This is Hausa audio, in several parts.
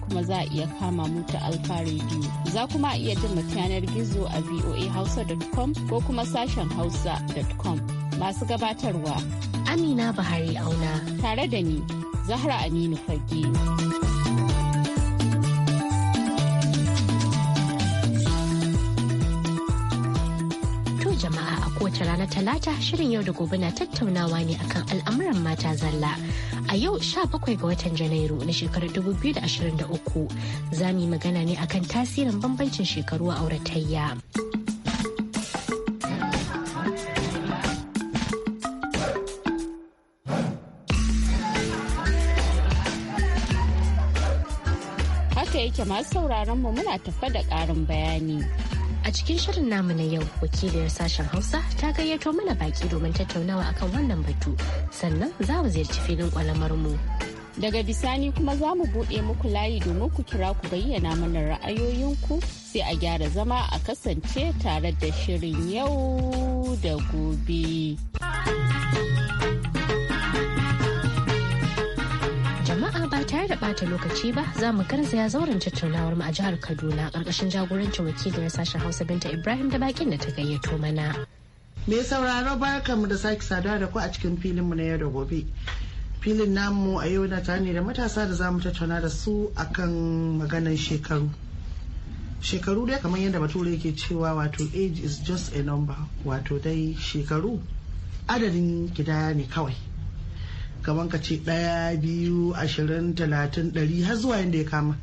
kuma za a iya kama mu ta Alfa Radio. Za kuma iya jin mu yanar gizo a voahausa.com ko kuma sashen hausa.com. Masu gabatarwa. Amina Bahari Auna. Tare da ni, Zahra Aminu Fage. na talata shirin yau da gobe na tattaunawa ne akan al'amuran mata zalla. A yau 17 ga watan Janairu na shekarar 2023 za mu yi magana ne akan tasirin bambancin shekaru a auratayya. Haka yake masu sauraron mu muna tafa da ƙarin bayani. A cikin shirin namu na yau wakiliyar sashen Hausa ta gayyato mana baki domin tattaunawa akan wannan batu sannan za mu ziyarci filin kwalamar mu. Daga bisani kuma za mu buɗe muku layi domin ku kira ku bayyana mana ra'ayoyinku sai a gyara zama a kasance tare da shirin yau da gobe. bata lokaci ba za mu garzaya zauren tattaunawar mu a jihar Kaduna karkashin jagorancin wakilin sashen Hausa Binta Ibrahim da bakin da ta gayyato mana. Me sauraro barkanmu da sake saduwa da ku a cikin filinmu na yau da gobe. Filin namu a yau na tare da matasa da za mu tattauna da su akan maganar shekaru. shekaru dai kamar yadda bature yake cewa wato age is just a number wato dai shekaru adadin gida ne kawai kamar ka ce ɗaya biyu ashirin talatin ɗari har zuwa yadda ya kama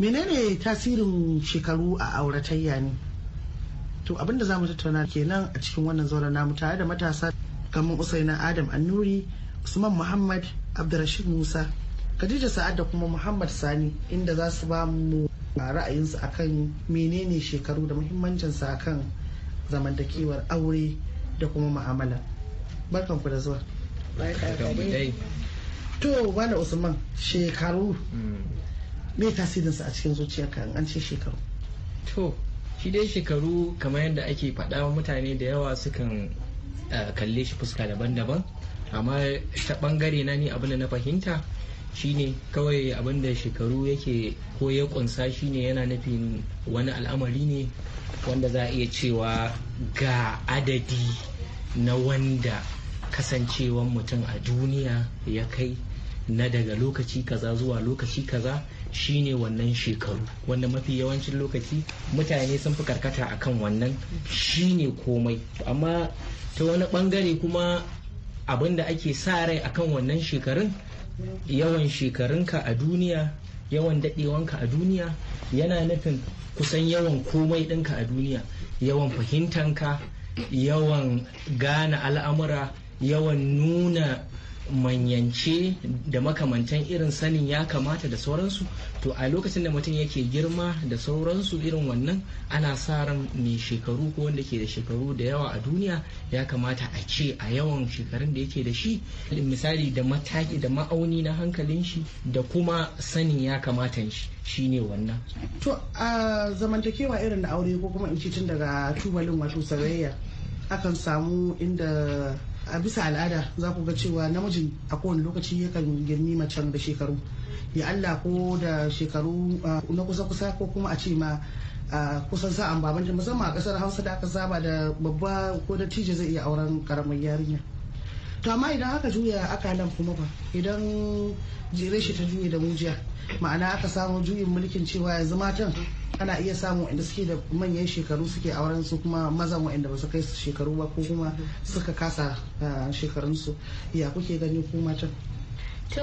menene tasirin shekaru a auratayya ne to abinda za mu tattauna kenan a cikin wannan zauren namu tare da matasa kamar usaina adam annuri usman muhammad abdurrashid musa khadija sa'ad da kuma muhammad sani inda za su ba mu ra'ayinsu akan menene shekaru da muhimmancinsa akan zamantakewar aure da kuma ma'amala barkanku da zuwa to wani usman shekaru me tasirinsa a cikin zuciyarka an ce shekaru to shi dai shekaru kamar yadda ake faɗa mutane da yawa sukan eh, kalle shi fuska daban-daban amma ta ɓangare na ni abin na fahimta shine kawai abinda shekaru yake ko ya kunsa shine yana nufin wani al'amari ne wanda za a iya cewa ga adadi na wanda kasancewan mutum a duniya ya kai na daga lokaci kaza zuwa lokaci kaza shine wannan shekaru wanda mafi yawancin lokaci mutane sun fi karkata akan wannan shine komai amma ta wani bangare kuma abin da ake sa rai akan wannan shekarun yawan shekarunka a duniya yawan dadewanka a duniya yana nufin kusan yawan komai dinka a duniya yawan fahimtanka yawan gane al'amura yawan nuna manyance da makamantan irin sanin ya kamata da sauransu to a lokacin da mutum yake girma da sauransu irin wannan ana sa ran mai shekaru ko wanda ke da shekaru da yawa a duniya ya kamata a ce a yawan shekarun da yake da shi misali da mataki da ma'auni na hankalin shi da kuma sanin ya kamata shi ne wannan to a zamantakewa irin da aure ko kuma in ce tun daga tubalin wato sarayya akan samu inda a bisa al'ada za ku ga cewa namiji a kowane lokaci yakan girmi macen da shekaru ya Allah ko da shekaru na kusa-kusa ko kuma a ce ma kusan sa'an an babanta musamman a kasar hausa da aka saba da babba ko da tije zai iya auren karamar yarinya to amma idan aka juya akalan kuma ba idan jere shi ta juya da mujiya ma'ana aka samu juyin mulkin cewa yanzu matan ana iya samu inda suke da manyan shekaru suke auren su kuma mazan wa'anda ba su kai su shekaru ba ko kuma suka kasa ah, shekarun su ya kuke gani ko matan to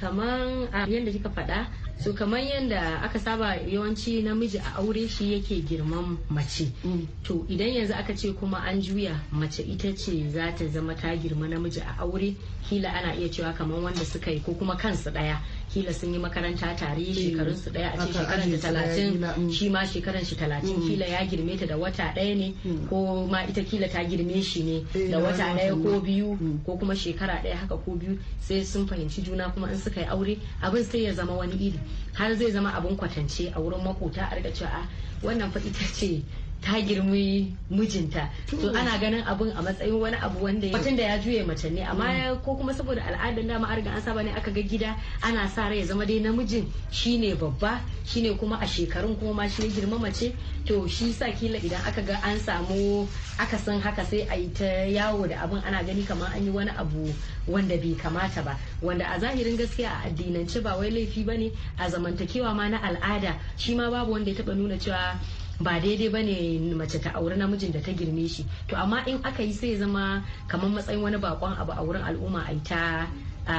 kaman ah, yadda kika faɗa so kamar yadda aka saba yawanci namiji a aure shi yake girman mace mm. to idan yanzu aka ce kuma an juya mace ita ce za ta zama ta girma namiji a aure kila ana iya cewa kaman wanda suka yi ko kuma kansu daya kila sun yi makaranta tare mm. shekarun su daya a ce shekaran da talatin mm. shi ma shekaran shi talatin mm. kila ya girme ta da wata daya ne ko ma ita kila ta girme shi ne eh, da wata daya ko biyu ko kuma shekara daya haka ko biyu sai sun fahimci juna kuma in suka yi aure abin sai ya zama wani iri har zai zama abin kwatance a wurin makota a riga cewa ah, wannan fa ita ce ta girmi mijinta to ana ganin abin a matsayin wani abu wanda mutum da ya juye mace ne amma mm. ko kuma saboda al'adar dama an riga an saba ne aka ga gida ana sa rai ya zama dai namijin shine babba shine kuma a shekarun kuma ma shine girma mace to shi sa kila idan aka ga an samu aka san haka sai a yi ta yawo da abin ana gani kamar an yi wani abu wanda bai kamata ba wanda a zahirin gaskiya a addinance ba wai laifi bane a zamantakewa ma na al'ada shi ma babu wanda ya taba nuna cewa ba daidai ba ne mace ta auri namijin da ta girme shi to amma in aka yi sai zama kamar matsayin wani bakon abu a wurin al'umma a ta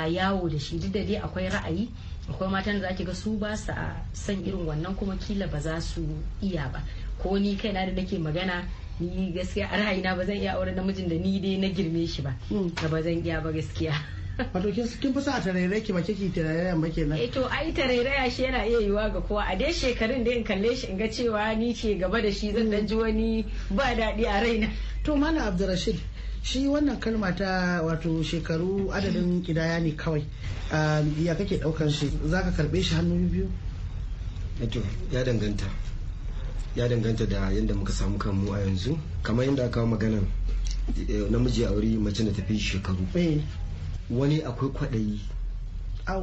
yawo da shi duk da dai akwai ra'ayi akwai matan da zaki ga su ba sa san irin wannan kuma kila ba za su iya ba ko ni kaina da nake magana ni gaskiya a ra'ayina ba zan iya auren namijin da ni dai na girme shi ba hmm. ba zan iya ba gaskiya wato kin fi sa a tarairai ki ba kike tarairayan ba kenan eh to ai tarairaya shi yana iya yiwa ga kowa a dai shekarun da in kalle shi in ga cewa ni ce gaba da shi zan dan ji wani ba daɗi a raina to mana abdurrashid shi wannan kalma ta wato shekaru adadin kidaya ne kawai ah, ya kake daukan shi za ka karbe shi hannu biyu eh ya danganta ya danganta da yadda muka samu kanmu a yanzu kamar yadda aka magana maganan eh, namiji a wuri mace da tafi shekaru eh. wani akwai kwaɗayi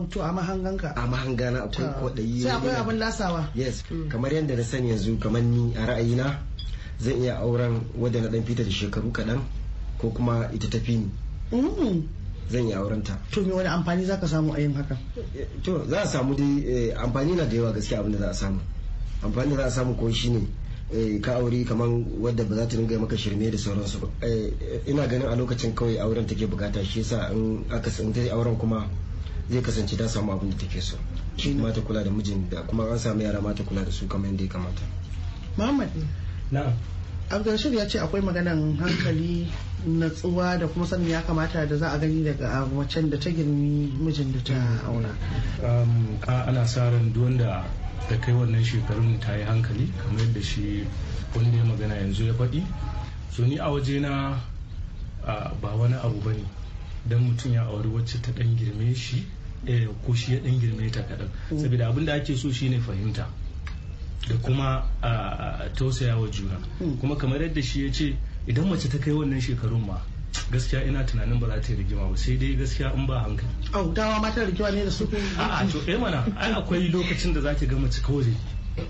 to a mahanganka a mahangana akwai ah, kwaɗayi sai akwai abin lasawa yes hmm. kamar yadda na sani yanzu kamar ni a ra'ayina zan iya auren wadda na dan fita da shekaru kaɗan ko kuma ita tafi ni hmm. zan yi auren ta to me wani amfani zaka samu a yin haka to za a samu dai eh, amfani na da yawa gaskiya abin da za a samu amfani da za a samu ko shine Eh, ka aure kamar wadda ba za ta ringa maka shirme da sauransu ba eh, ina ganin a lokacin kawai auren take bukata shi yasa in aka san ta auren kuma zai kasance ta samu abin da take so shi mata kula da mijin da kuma an samu yara mata kula da su kamar yadda ya kamata Muhammad na'am Abdulrashid ya ce akwai maganan hankali natsuwa da kuma sanin ya kamata da za a gani daga macen da ta girmi mijin da ta auna ana sa ran duwanda. ta kai wannan shekarun ta yi hankali kamar yadda shi wanda ya magana yanzu ya faɗi so ni a waje na ba wani abu ba ne don mutum ya auri wacce ta ɗan girme shi eh, ko shi ya ɗan girme ta kaɗan saboda abin da ake so shine fahimta da kuma tausaya wa juna hmm. kuma kamar yadda shi ya ce idan mace ta kai wannan shekarun ma gaskiya ina tunanin ba za ta yi rigima ba sai dai gaskiya in ba hankali Oh, dawa mata rigima ne da su a'a to eh mana ai akwai lokacin da za ki ga mace kawai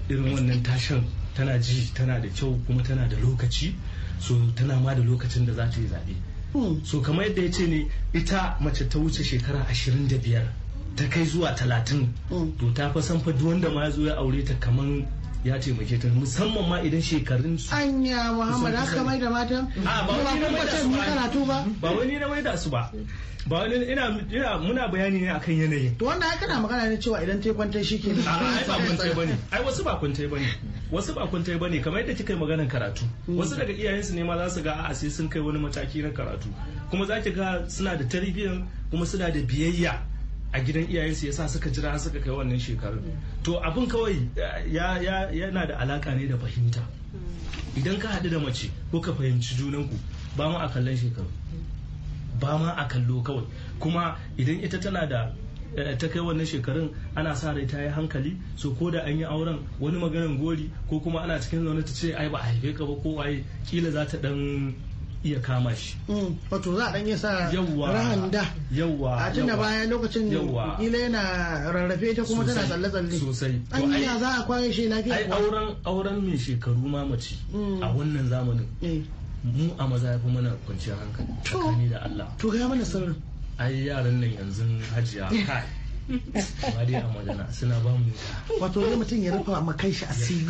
irin wannan tashan tana ji tana da kyau kuma tana da lokaci so tana ma da lokacin da za ta yi zaɓe hmm. so kamar yadda ya ce ne ita mace ta wuce shekara ashirin da biyar ta kai zuwa talatin hmm. to ta fa san fa wanda ma ya zo ya aure ta kamar. ya taimake ta musamman ma idan shekarun su anya muhammad haka mai da mata. ba wani na mai da su ba ba wani na mai da su ba ba wani ina ina muna bayani ne akan yanayin to wanda haka na magana ne cewa idan tai shi ke. ne ai ba kwantai bane ai wasu ba kwantai bane wasu ba kwantai bane kamar yadda kika yi maganar karatu mm. wasu daga iyayensu ne ma za su ga a'a sai sun kai wani mataki na karatu kuma za ki ga suna da tarbiyyar kuma suna da biyayya a gidan iyayensu sa suka jira suka kai wannan shekaru to abin kawai yana da alaka ne da fahimta idan ka haɗu da mace ko ka fahimci junanku ba ma a kallon shekaru ba ma a kallo kawai kuma idan ita tana da eh, ta kai wannan shekarun ana sa rai ta yi hankali so ko da an yi auren wani maganan gori ko kuma ana cikin zaune ta ce ai ba a haife ka ba ko waye kila za ta dan iya kama shi. Mm, wato za a ɗan yasa rahan da. Yawwa. A tun da baya lokacin kila yana rarrafe ta kuma tana tsalle-tsalle. Sosai. An yi za a kwaye shi na Ai auren auren mai shekaru ma mace mm. a wannan zamanin. Eh. Mu a maza ya fi mana kwanciyar hankali. Tsakani da Allah. To ga mana sirri. Ai yaran nan yanzu hajiya eh. kai. Wadi a magana suna ba mu Wato wani mutum ya rufa makai shi asiri.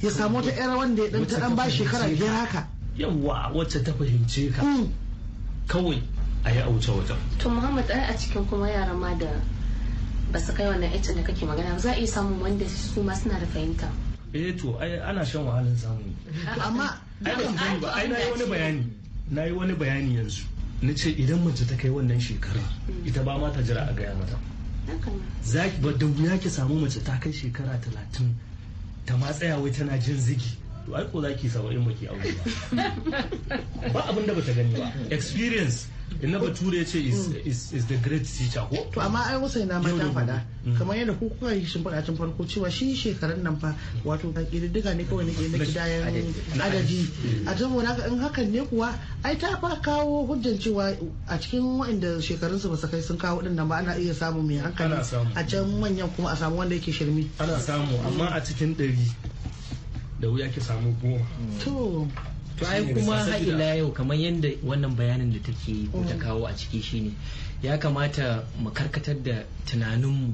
Ya samu wata 'yar wanda ya ɗan ta ɗan ba shekara biyar haka. yawwa wacce ta fahimce ka hmm. kawai a yi auce wajen to muhammad ai a cikin kuma yara ma da ba su kai wannan ita da kake magana za a iya samun wanda su ma suna da fahimta eh to ana shan wahalar samu amma ai na yi wani bayani na yi wani bayani yanzu na ce idan mace ta kai wannan shekara hmm. ita ba ma ta jira a gaya mata za ki ba da wuya ki samu mace ta kai shekara talatin ta ma tsaya wai tana jin zigi to ai ko zaki saba'in baki aure ba ba abin da bata gani ba experience in na bature ce is the great teacher ko to amma ai wasa ina mata fada mm. kamar yadda ku kuka yi shimfiɗa tun farko cewa shi shekarun nan fa wato kan kididdiga ne kawai nake na kidayen adadi a saboda ka in hakan ne kuwa ai ta fa kawo hujjan cewa a cikin waɗanda shekarun su ba kai sun kawo din nan ba ana iya samu mai hankali a can manyan kuma a samu wanda yake shirmi ana samu amma a cikin ɗari da wuya ki samu goma to to ai kuma ila yau kamar yadda wannan bayanin da take ta mm. kawo a ciki shine ya kamata mu karkatar da tunaninmu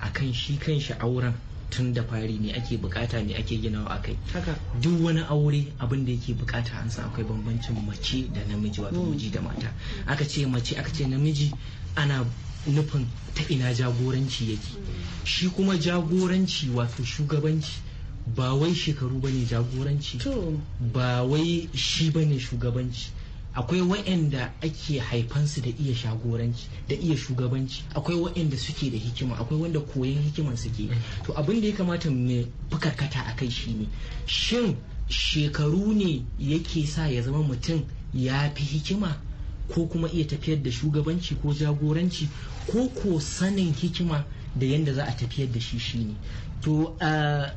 akan shi kan shi auren tun da fari ne ake bukata ne ake ginawa a kai duk wani aure abin da yake bukata an san akwai bambancin mace da namiji wato mm. miji da mata aka ce mace aka ce namiji ana nufin ta ina jagoranci yake mm. shi kuma jagoranci wato shugabanci ba wai shekaru ba ne jagoranci ba wai shi ba ne shugabanci akwai waɗanda ake haifansu da iya shagoranci da iya shugabanci akwai waɗanda suke da hikima akwai wanda koyon hikiman suke to abin da ya kamata mu fi a kai shi ne shin shekaru ne yake sa ya zama mutum ya fi hikima ko kuma iya tafiyar da shugabanci ko jagoranci ko ko sanin hikima da yadda za a tafiyar da shi shine to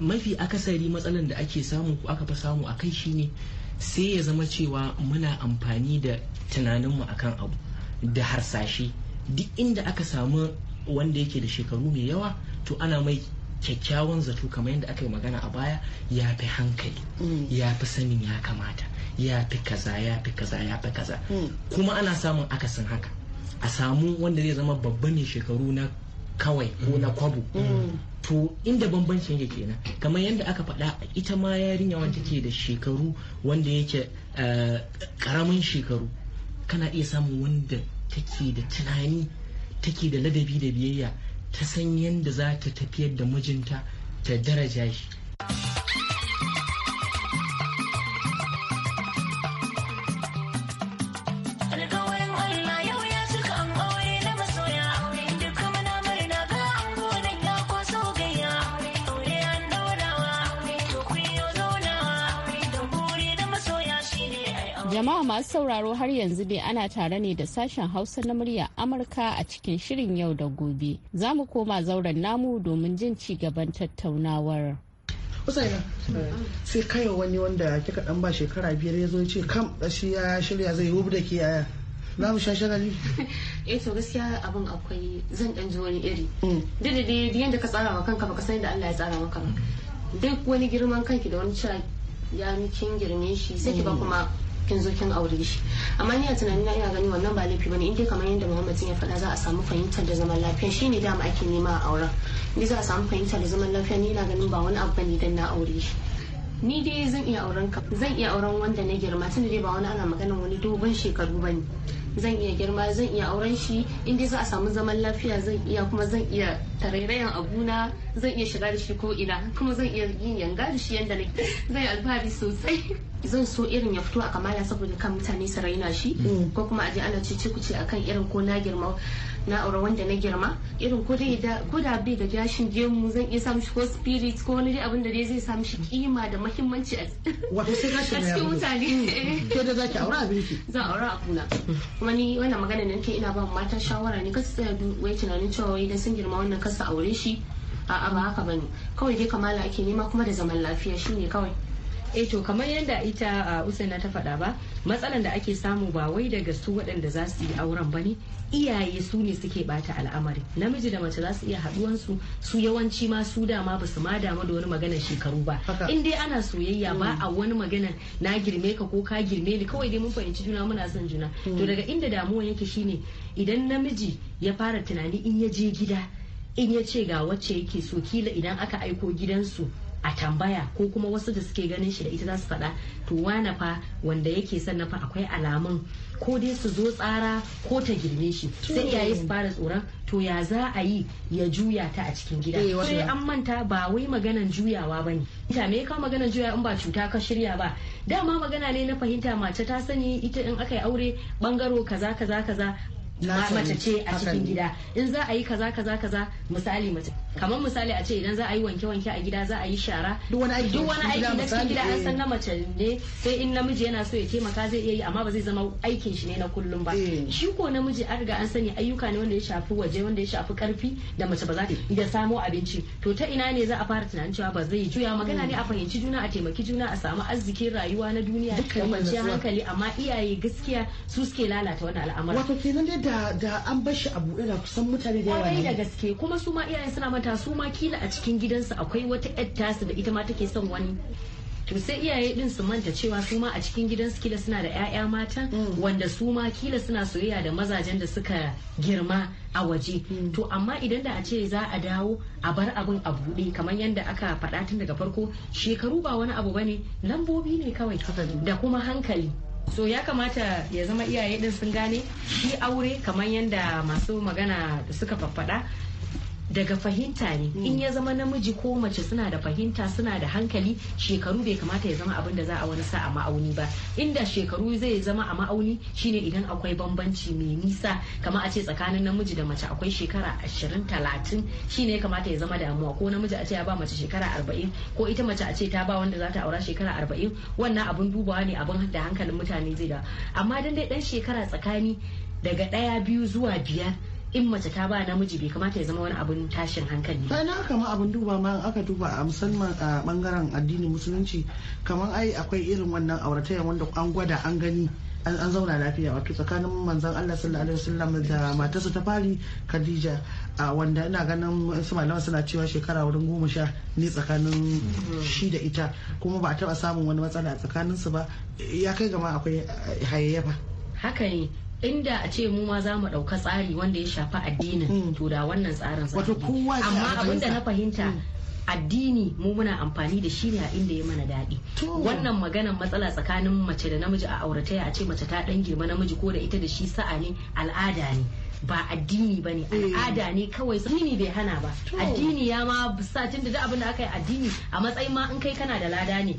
mafi akasari matsalan da ake samu ko aka fi samu a kai shine sai ya zama cewa muna amfani da tunaninmu akan abu da harsashi, duk inda aka samu wanda yake da shekaru mai yawa to ana mai kyakkyawan zato kamar yadda aka yi magana a baya ya fi hankali mm. ya fi sanin ya kamata ya fi kaza ya fi kaza ya fi kaza mm. kuma ana samun akasin haka a samu wanda zai zama babba ne shekaru na kawai ko na mm. kwabo to inda bambancin yake kenan kamar yadda aka faɗa ita ma yarinya wanda take da shekaru wanda yake karamin eh, shekaru kana iya samun wanda take da tunani take da ladabi da biyayya ta san yadda za ta tafiyar da mijinta ta daraja shi masu sauraro har yanzu dai ana tare ne da sashen Hausa na murya Amurka a cikin shirin yau da gobe. Za mu koma zauren namu domin jin ci gaban tattaunawar. sai kai wani wanda kika dan ba shekara biyar ya zo ce kam shi ya shirya zai wubu da ke yaya. na mu sha shagali? Eh to gaskiya abin akwai zan dan ji wani iri. Mm. Duk da dai yanda ka tsara wa kanka baka san da Allah ya tsara maka ba. Duk wani girman kanki da wani cira ya mikin girme shi sai ki ba mm. kuma kin zo kin aure shi amma ni a na ina gani wannan ba laifi bane in dai kamar yadda Muhammad ya faɗa za a samu fahimtar da zaman lafiya shine dama ake nema a auren ni za a samu fahimtar da zaman lafiya ni na ganin ba wani abu bane dan na aure shi ni dai zan iya auren ka zan iya auren wanda na girma tunda dai ba wani ana maganar wani dogon shekaru bane zan iya girma zan iya auren shi in dai za a samu zaman lafiya zan iya kuma zan iya tarairayan abuna zan iya shiga da shi ko ina kuma zan iya yin yanga da shi yanda nake zan yi alfahari sosai zan so irin ya fito a kamala saboda kan mutane su raina shi mm. ko kuma aje ana cece kuce akan irin ko na girma na aure wanda na girma irin ko dai da ko da bai da gashin gemu zan iya samu shi ko spirit ko wani dai abin da zai samu shi kima da muhimmanci a cikin mutane mm. ke da zaki aure abin ki zan aure abuna kuma ni wannan magana nan ke ina ba mata shawara ne kasu tsaya wai tunanin cewa wai idan sun girma wannan kasu aure shi a'a ba haka bane kawai dai kamala ake nema kuma da zaman lafiya shine kawai eh to kamar yadda ita usaina ta faɗa ba matsalan da ake samu ba wai daga su waɗanda za su yi auren ba ne iyaye su ne suke bata al'amari namiji da mace za su iya haɗuwan su su yawanci ma su dama ba su ma damu da wani magana shekaru ba in dai ana soyayya ba a wani magana na girme ka ko ka girme ni kawai dai mun fahimci juna muna son juna to hmm. daga inda damuwa yake shine idan namiji ya fara tunani in ya je gida in ya ce ga wacce yake so kila idan aka aiko gidansu a tambaya ko kuma wasu da suke ganin shi da ita za su faɗa to wane fa wanda yake na fa akwai alamun ko dai su zo tsara ko ta girme shi sai iyaye su fara tsoron to ya za a yi ya juya ta a cikin gida eh, sai an manta ba wai maganan juyawa bane ita me ka maganan juya in ba cuta ka shirya ba dama magana ne na fahimta mace ta sani ita in aka yi aure bangaro kaza kaza kaza mace ce a cikin gida in za a yi kaza kaza kaza misali mace kamar misali a ce idan za a yi wanke wanke a gida za a yi shara duk wani aiki na cikin gida an san eh. na mace ne sai in namiji yana so ya taimaka zai iya yi amma ba zai zama aikin shi ne na kullum ba eh. shi ko namiji an riga an sani ayyuka ne wanda ya shafi waje wanda ya shafi karfi da mace ba za ta da samo abinci to ta ina ne za a fara tunanin cewa ba zai juya magana ne a fahimci juna a taimaki juna a samu arzikin rayuwa na duniya da kwanciyar hankali amma iyaye gaskiya su suke lalata wannan al'amarin da an bar shi a buɗe da kusan mutane da yawa ne da gaske kuma su ma iyayen suna mata su ma kila a cikin gidansu akwai wata ƴar tasu da ita ma take son wani to sai iyaye din su manta cewa su ma a cikin gidansu kila suna da 'ya'ya mata mm. wanda su ma kila suna soyayya da mazajen da suka girma a waje mm. to amma idan da a ce za a dawo a bar abin a buɗe kamar yadda aka faɗa tun daga farko shekaru ba wani abu bane lambobi ne kawai da kuma hankali so ya kamata ya zama iyaye din sun gane shi aure kamar yadda masu magana suka faffada daga fahimta ne hmm. in ya zama namiji ko mace suna da fahimta suna da hankali shekaru bai kamata ya zama abin da za a wani sa a ma'auni ba inda shekaru zai zama a ma'auni shine idan akwai bambanci mai nisa kama a ce tsakanin namiji da mace akwai shekara ashirin talatin shine ya kamata ya zama damuwa ko namiji a ce ya ba mace shekara arba'in ko ita mace a ce ta ba wanda za ta aura shekara arba'in wannan abun dubawa ne abun da hankalin mutane zai da amma dan dai dan shekara tsakani daga ɗaya biyu zuwa biyar in mace ta ba namiji bai kamata ya zama wani abun tashin hankali ba na kama abin duba ma aka duba a musamman a bangaren addinin musulunci kamar ai akwai irin wannan auratayya wanda an gwada an gani an zauna lafiya wato tsakanin manzon Allah sallallahu alaihi wasallam da matarsa ta fari Khadija a wanda ina ganin su malama suna cewa shekara wurin goma sha ne tsakanin shi da ita kuma ba a taba samun wani matsala a tsakanin su ba ya kai gama akwai hayayya ba haka ne inda a ce mu ma za mu ɗauka tsari wanda ya shafi addinin mm. to da wannan tsarin za amma abin da na fahimta mm. addini mu muna amfani da shi ne a inda ya mana daɗi wannan maganan matsala tsakanin mace da namiji a aurataya a ce mace ta ɗan girma namiji ko da ita da shi sa'a ne al'ada ne ba addini ba ne eh. al'ada ne kawai addini bai hana ba addini ya ma sa da abin da aka yi addini a matsayin ma in kai kana da lada ne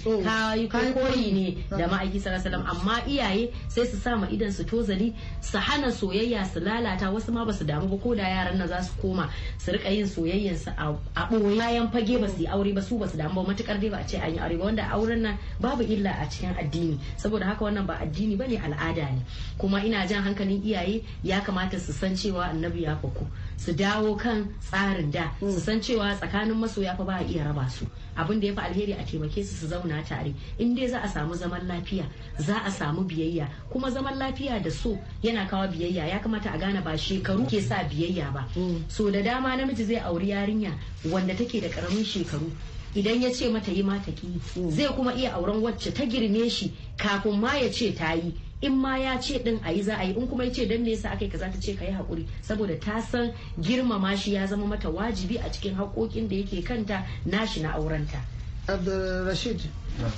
ka koyi ne da ma'aiki sarasalam amma iyaye sai su sa ma idan su tozali su hana soyayya su lalata wasu ma basu damu ba ko da yaran nan za su koma su rika yin soyayyan su a ɓoye bayan fage ba su yi aure ba su ba su damu ba matukar dai ba a ce an yi aure ba wanda auren nan babu illa a cikin addini saboda haka wannan ba addini bane al'ada ne kuma ina jan hankalin iyaye ya kamata su san cewa annabi ya fako su dawo kan tsarin da su mm. san cewa tsakanin masoya fa ba a iya raba su abin da ya fi alheri a taimake su su zauna tare in dai za a samu zaman lafiya za a samu biyayya kuma zaman lafiya da so yana kawo biyayya ya kamata a gane ba shekaru ke sa biyayya ba mm. so da dama namiji zai auri yarinya wanda take da karamin shekaru idan ya ce mata yi mata ki mm. zai kuma iya auren wacce ta girme shi kafin ma ya ce ta yi in ma ya ce din ayi za a yi in kuma ya ce dan me yasa akai kaza ta ce kai hakuri saboda ta san girmama shi ya zama mata wajibi a cikin haƙoƙin da yake kanta nashi na aurenta Abdulrashid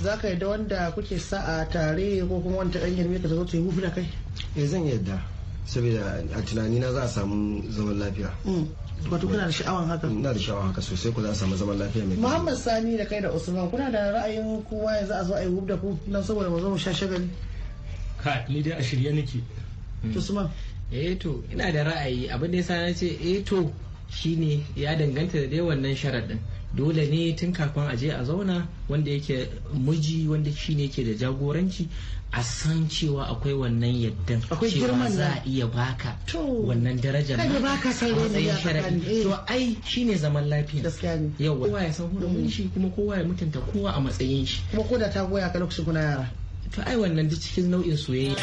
za ka yadda wanda kuke sa'a tare ko kuma wanda ɗan girme ka zo ta yi hufu da kai eh zan yadda saboda a tunanina za a samu zaman lafiya mm. wato kuna da sha'awan haka ina da sha'awan haka sosai ku za a samu zaman lafiya mai Muhammad Sani da kai da Usman kuna da ra'ayin kowa ya za a zo a yi da ku nan saboda mu zo mu sha shagali kai ni dai a shirye nake hmm. usman eh to ina da ra'ayi abin da yasa na ce eh to shine ya danganta da dai wannan sharaɗin dole ne tun kafin a je a zauna wanda yake miji wanda shine yake da jagoranci a san cewa akwai wannan yaddan cewa za a iya baka wannan darajar na baka matsayin sharaɗi eh. to ai shine zaman lafiya yawa kowa ya san hurumin mm. shi kuma kowa ya mutunta kowa a matsayin shi kuma ko da ta goya ka lokacin kuna yara to ai wannan duk cikin nau'in soyayya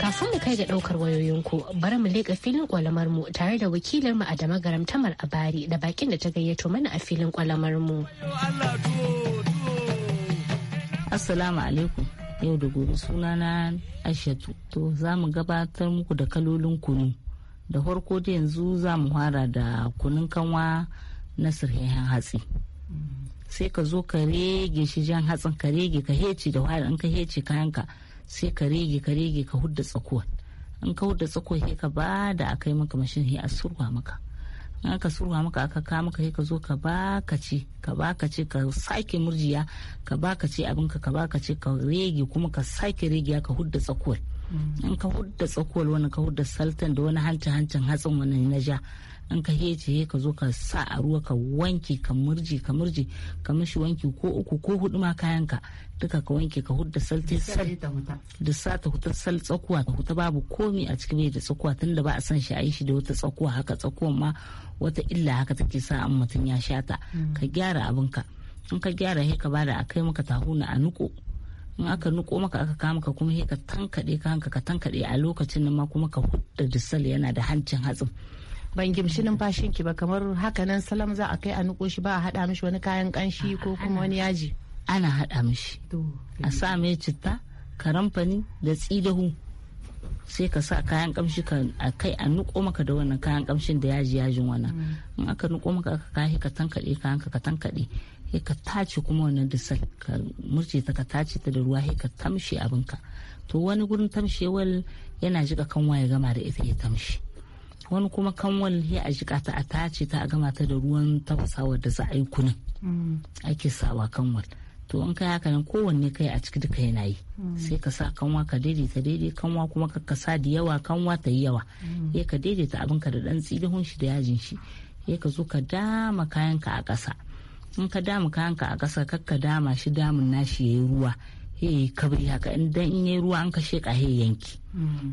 kafin mu kai ga daukar wayoyinku bari mu leƙa filin kwalamar mu tare da wakilar mu a damagaram tamar abari da bakin da ta gayyato mana a filin kwalamar mu assalamu alaikum yau da gobe suna na ashatu to za mu gabatar muku da kalolin kunu da farko da yanzu za mu fara da kunun kanwa na sirhehen hatsi sai ka zo ka rege shi jan hatsin ka rege ka heci da wahala in ka heci kayanka sai ka rege ka rege ka hudda tsakuwa in ka hudda tsakuwa sai ka ba da akai maka mashin sai a surwa maka in aka surwa maka aka ka maka sai ka zo ka ba ka ci ka ba ka ci ka sake murjiya ka ba ka ci abin ka ba ka ci ka rege kuma ka sake rege ka hudda tsakuwar mm. in ka hudda tsakuwar wani ka hudda saltan da wani hancin hancin hatsin wani na ja an ka hece ka zo ka sa a ruwa ka wanke ka murje ka murje ka mashi wanki ko uku ko hudu ma kayanka duka ka wanke ka hudu salte sal da sa ta huta sal tsakuwa ta huta babu komi a cikin bai da tsakuwa tunda ba a san shi a yi shi da wata tsakuwa haka tsakuwa ma wata illa haka take sa an mutum ya shata mm. ka gyara abinka in ka gyara he ka bada a kai maka tahuna a nuko in aka nuko maka aka kama ka kuma ka tankade ka hanka ka tankade a lokacin nan ma kuma ka hudda sal yana da hancin hatsin ban gimshi numfashin ki ba kamar haka nan salam za a kai a nuko shi ba a haɗa mishi wani kayan kanshi ko kuma wani yaji ana haɗa mishi a sa mai citta karamfani da tsidahu sai ka sa kayan kamshi ka kai a nuko maka da wannan kayan kamshin da yaji yajin wannan mm. in aka nuko maka aka kai ka tankade kayan ka tankade sai ka tace kuma wannan da ka murce ta ka tace ta da ruwa sai ka tamshe abinka to wani gurin tamshewal yana jika kanwa ya gama da ita ya tamshi. wani kuma kanwal ya a jika ta a tace ta a gama ta da ruwan tafasawa da za a yi kunin ake sawa kanwal to in kai haka nan kowanne kai a ciki duka yana yi sai ka sa kanwa ka daidaita daidai kanwa kuma ka sa da yawa kanwa ta yi yawa ya ka daidaita ka da dan tsilihun shi da yajin shi ya ka zo ka dama kayan ka a kasa in ka dama ka a kasa kar ka dama shi damun nashi ya yi ruwa ya yi kabri haka in dan in yi ruwa an ka sheƙa ya yanki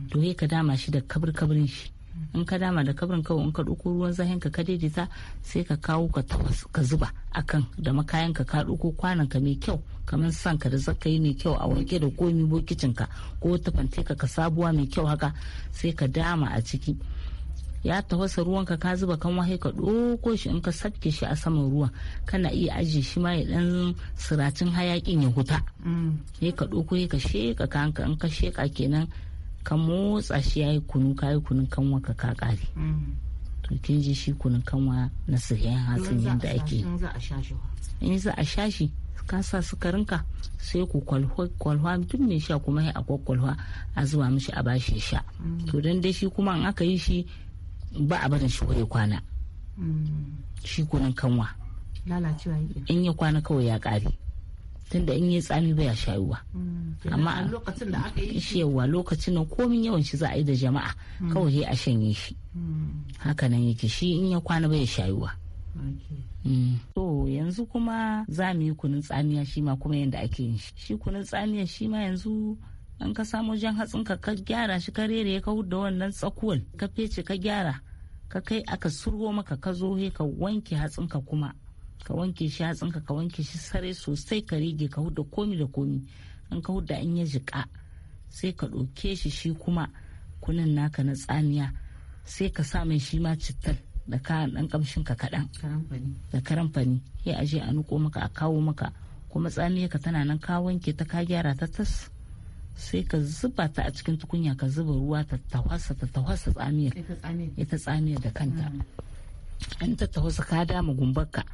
to ya ka dama shi da kabir kabrin shi in ka dama da kabrin kawai in ka ɗauko ruwan zahin ka daidaita sai ka kawo ka zuba ka zuba akan da makayan ka ka ɗauko kwanan ka mai kyau kamar san ka da zaka yi mai kyau a wanke da komi bokicin ka ko wata fanteka ka sabuwa mai kyau haka sai ka dama a ciki ya tafasa ruwanka ka zuba kan wahai ka ɗauko shi in ka sabke shi a saman ruwan kana iya ajiye shi ma ya ɗan siracin hayakin ya huta mm. sai ka ɗauko ɗoko ka sheka kanka in ka sheka kenan ka motsa shi ya yi kunu ka yi kunun kanwa ka ka kare mm. to kin ji shi kunun kanwa na siryan hatsin yadda ake in za a sha shi ka sa sukarinka sai ku kwalwa duk mai sha kuma ya akwai kwalwa a zuwa mishi a bashi sha mm. to dan dai shi kuma in aka yi shi ba a barin shi kwaye kwana mm. shi kunun kanwa in ya kwana kawai ya kare da in yi tsami baya shayuwa mm. amma lokacin da aka yi shi yawa lokacin nan komin yawan shi za a yi da jama'a mm. kawai a shanye shi mm. haka nan yake shi in ya kwana baya shayuwa To yanzu kuma za mu yi kunun tsamiya shi ma kuma yadda ake yin shi. Shi kunun tsamiya shi ma yanzu an ka samu jan hatsin ka ka gyara shi ka rere ka da wannan tsakuwal ka fece ka gyara ka kai aka surgo maka ka zo ka wanke hatsin ka kuma ka wanke shi hatsinka ka wanke shi sare sosai ka rige ka huda komi da komi in ka huda in ya jiƙa sai ka ɗauke shi shi kuma kunan naka na tsamiya sai ka sa mai shi ma cittar da ka ɗan kamshin ka kaɗan da karamfani ya aje a nuko maka a kawo maka kuma tsamiyar ka tana nan ka wanke ta ka gyara ta tas sai ka zuba ta a cikin tukunya ka zuba ruwa ta tawasa ta tawasa tsamiyar ita tsamiyar da kanta mm. in ta tawasa ka dama gumbarka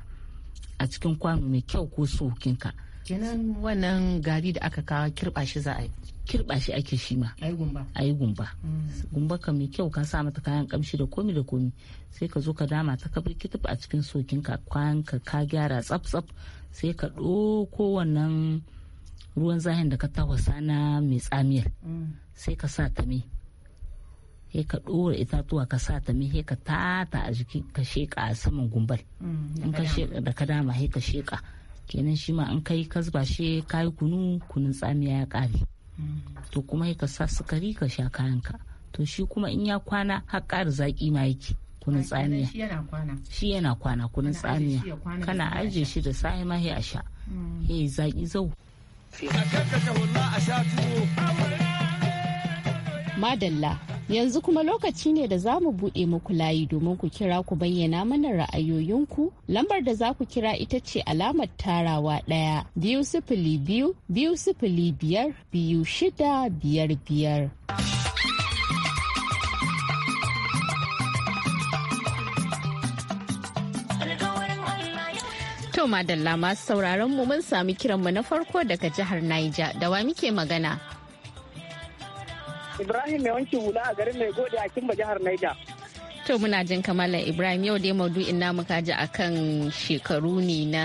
a cikin kwano mai kyau ko sokinka kenan wannan gari da aka kawo kirba shi za a yi kirba shi ake shi ma ayi gumba ayi gumba mm. gumba ka mai kyau ka sa mata kayan kamshi da komi da komi sai ka zo ka dama ta ka kitip a cikin sokinka kwan ka gyara tsaf tsaf sai ka ɗauko wannan ruwan zahin da ka tawasa na mai tsamiyar mm. sai ka sa ta mai sai ka ɗora itatuwa ka sa ta mihe ka tata a jiki ka sheƙa a saman gumbal mm, in ka sheƙa da ka dama sai ka sheƙa kenan shi ma in kai kasba shi kayi kunu kunun tsamiya ya ƙare mm. to kuma sai ka sa sukari ka sha kayanka to shi kuma in ya kwana har ƙara zaƙi ma yake kunun tsamiya shi yana kwana kunun tsamiya kana ajiye shi da sa'i ma sai a sha sai mm. zaƙi zau madalla Yanzu kuma lokaci ne da za mu buɗe muku layi domin ku kira ku bayyana mana ra'ayoyinku. Lambar da za ku kira ita ce alamar tarawa ɗaya biyu sifili biyu biyu sifili biyar biyu shida biyar biyar. To madalla masu sauraron mu mun sami kiranmu na farko daga jihar Niger da wa muke magana. Ibrahim mai wanki hula a garin mai gode a Kimba jihar Niger. To muna jin kamala Ibrahim yau dai maudu'in namu ji akan shekaru ne na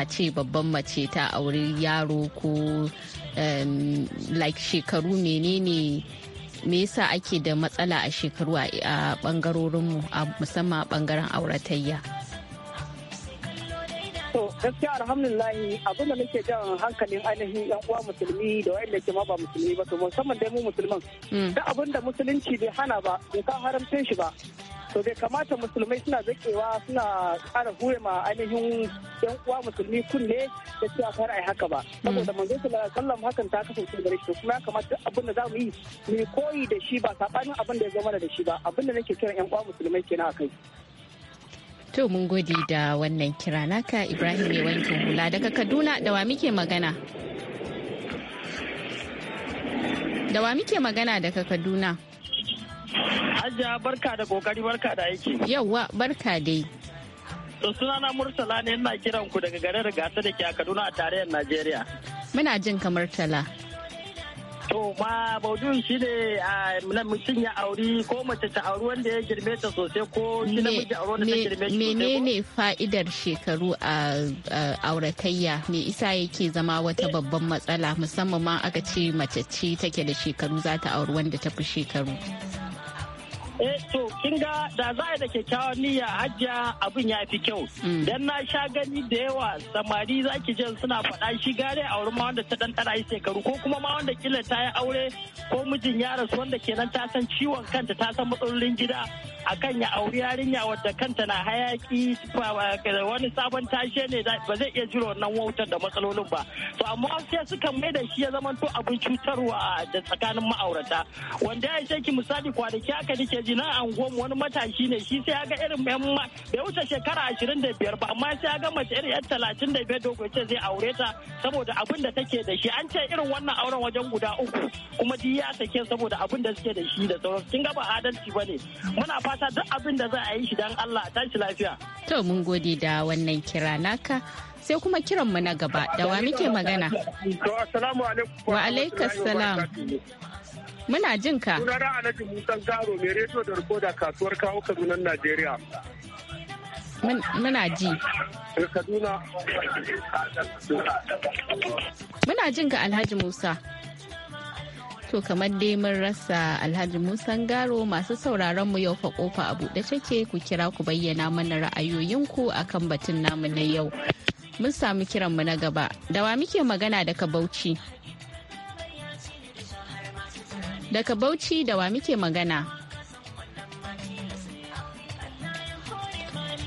a ce babban mace ta auri yaro ko like shekaru menene me yasa ake da matsala a shekaru a bangarorinmu musamman a bangaren auratayya. gaskiya alhamdulillahi abin da nake jan hankalin ainihin yan uwa musulmi da wa'anda ke ma ba musulmi ba to musamman dai mu musulman hmm. da abin da musulunci bai hana ba bai ka haramce shi ba to bai kamata musulmai suna zakewa suna kara hure ma ainihin yan uwa musulmi kunne da cewa kar ai haka ba hmm. saboda manzo sallallahu alaihi wasallam hakan ta kasance gare shi kuma ya kamata abin da zamu yi mu koyi da shi ba sabanin abin da ya zama da shi ba abin da nake kiran yan uwa musulmai kenan akai To mun gode da wannan kira naka Ibrahim mai wankin hula daga Kaduna da wa muke magana? Da wa muke magana daga Kaduna? Hajiya barka da kokari barka da aiki. Yawwa barka dai. To sunana Murtala ne ina kiran ku daga garin rigata da ke a Kaduna a tarayyar Najeriya. Muna jin ka Murtala. To ma baudun shi ne a mutum ya auri ko mace ta auri wanda ya girme ta sosai ko shi namiji auri wanda ta girme shi sosai. Menene fa'idar shekaru a auratayya me isa yake zama wata babban matsala musamman ma aka ce mace ce take da shekaru za ta auri wanda ta fi shekaru. Eh to kin ga da za da kyakkyawan niyya hajja abin ya fi kyau. Mm. Dan na sha gani da yawa samari za ki jan suna faɗa shi gare a wurin ma wanda ta dan tara shekaru ko kuma ma wanda kila ta yi aure ko mijin ya rasu wanda kenan ta san ciwon kanta ta san matsalolin gida a kan ya auri yarinya wadda kanta na hayaki wani sabon tashe ne ba zai iya jira wannan wautar da matsalolin ba to amma sai suka mai da shi ya zama to abin cutarwa da tsakanin ma'aurata wanda ya ce ki misali kwanaki aka nake ji na anguwan wani matashi ne shi sai ya ga irin yan bai wuce shekara ashirin da biyar ba amma sai ya ga mace irin yan talatin da biyar dogo ce zai aure ta saboda abin da take da shi an ce irin wannan auren wajen guda uku kuma duk ya sake saboda abin da suke da shi da sauransu kin ga ba adalci bane muna fata duk abin da za a yi shi dan Allah a tashi lafiya. To mun gode da wannan kira naka. sai kuma kiranmu na gaba da wa muke magana. To assalamu alaikum. Wa alaikum salam. Muna jin ka. Sunana Alhaji Musan Garo mai reto da da kasuwar kawo Kadunan Najeriya. Muna ji. Kaduna. Muna jin ka Alhaji Musa. To kamar dai mun rasa Alhaji Musan Garo masu sauraron mu yau fa kofa a buɗe take ku kira ku bayyana mana ra'ayoyinku akan batun namu na yau. Mun samu kiran mu na gaba. Da wa muke magana daga Bauchi? Daga Bauchi da wa muke magana?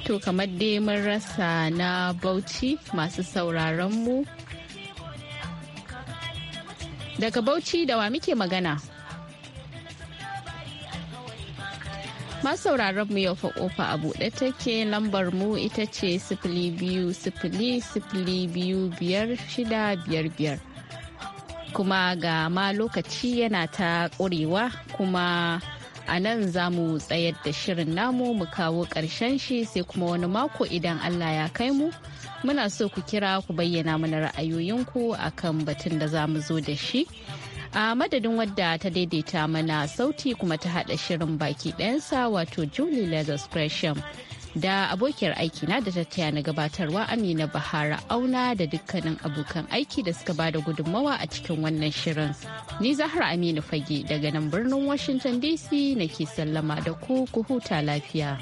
To kamar dai mun rasa na Bauchi masu sauraron mu Daga Bauchi da wa muke magana? Masu sauraron mu yau fa kofa a buɗe take lambar mu ita ce sifili biyu sifili sifili biyu biyar shida biyar biyar. Kuma ga ma lokaci yana ta ƙurewa kuma a nan za mu tsayar da shirin namu mu kawo ƙarshen shi sai kuma wani mako idan Allah ya kai mu muna so ku kira ku bayyana mana ra'ayoyinku a kan batun da za mu zo da shi a madadin wadda ta daidaita mana sauti kuma ta haɗa shirin baki ɗayansa wato julie leathers gresham da abokiyar aikina da ta taya na gabatarwa amina bahara auna da dukkanin abokan aiki da suka bada gudunmawa a cikin wannan shirin ni zahra aminu fage daga nan birnin washington dc na ke sallama da ku ku huta lafiya.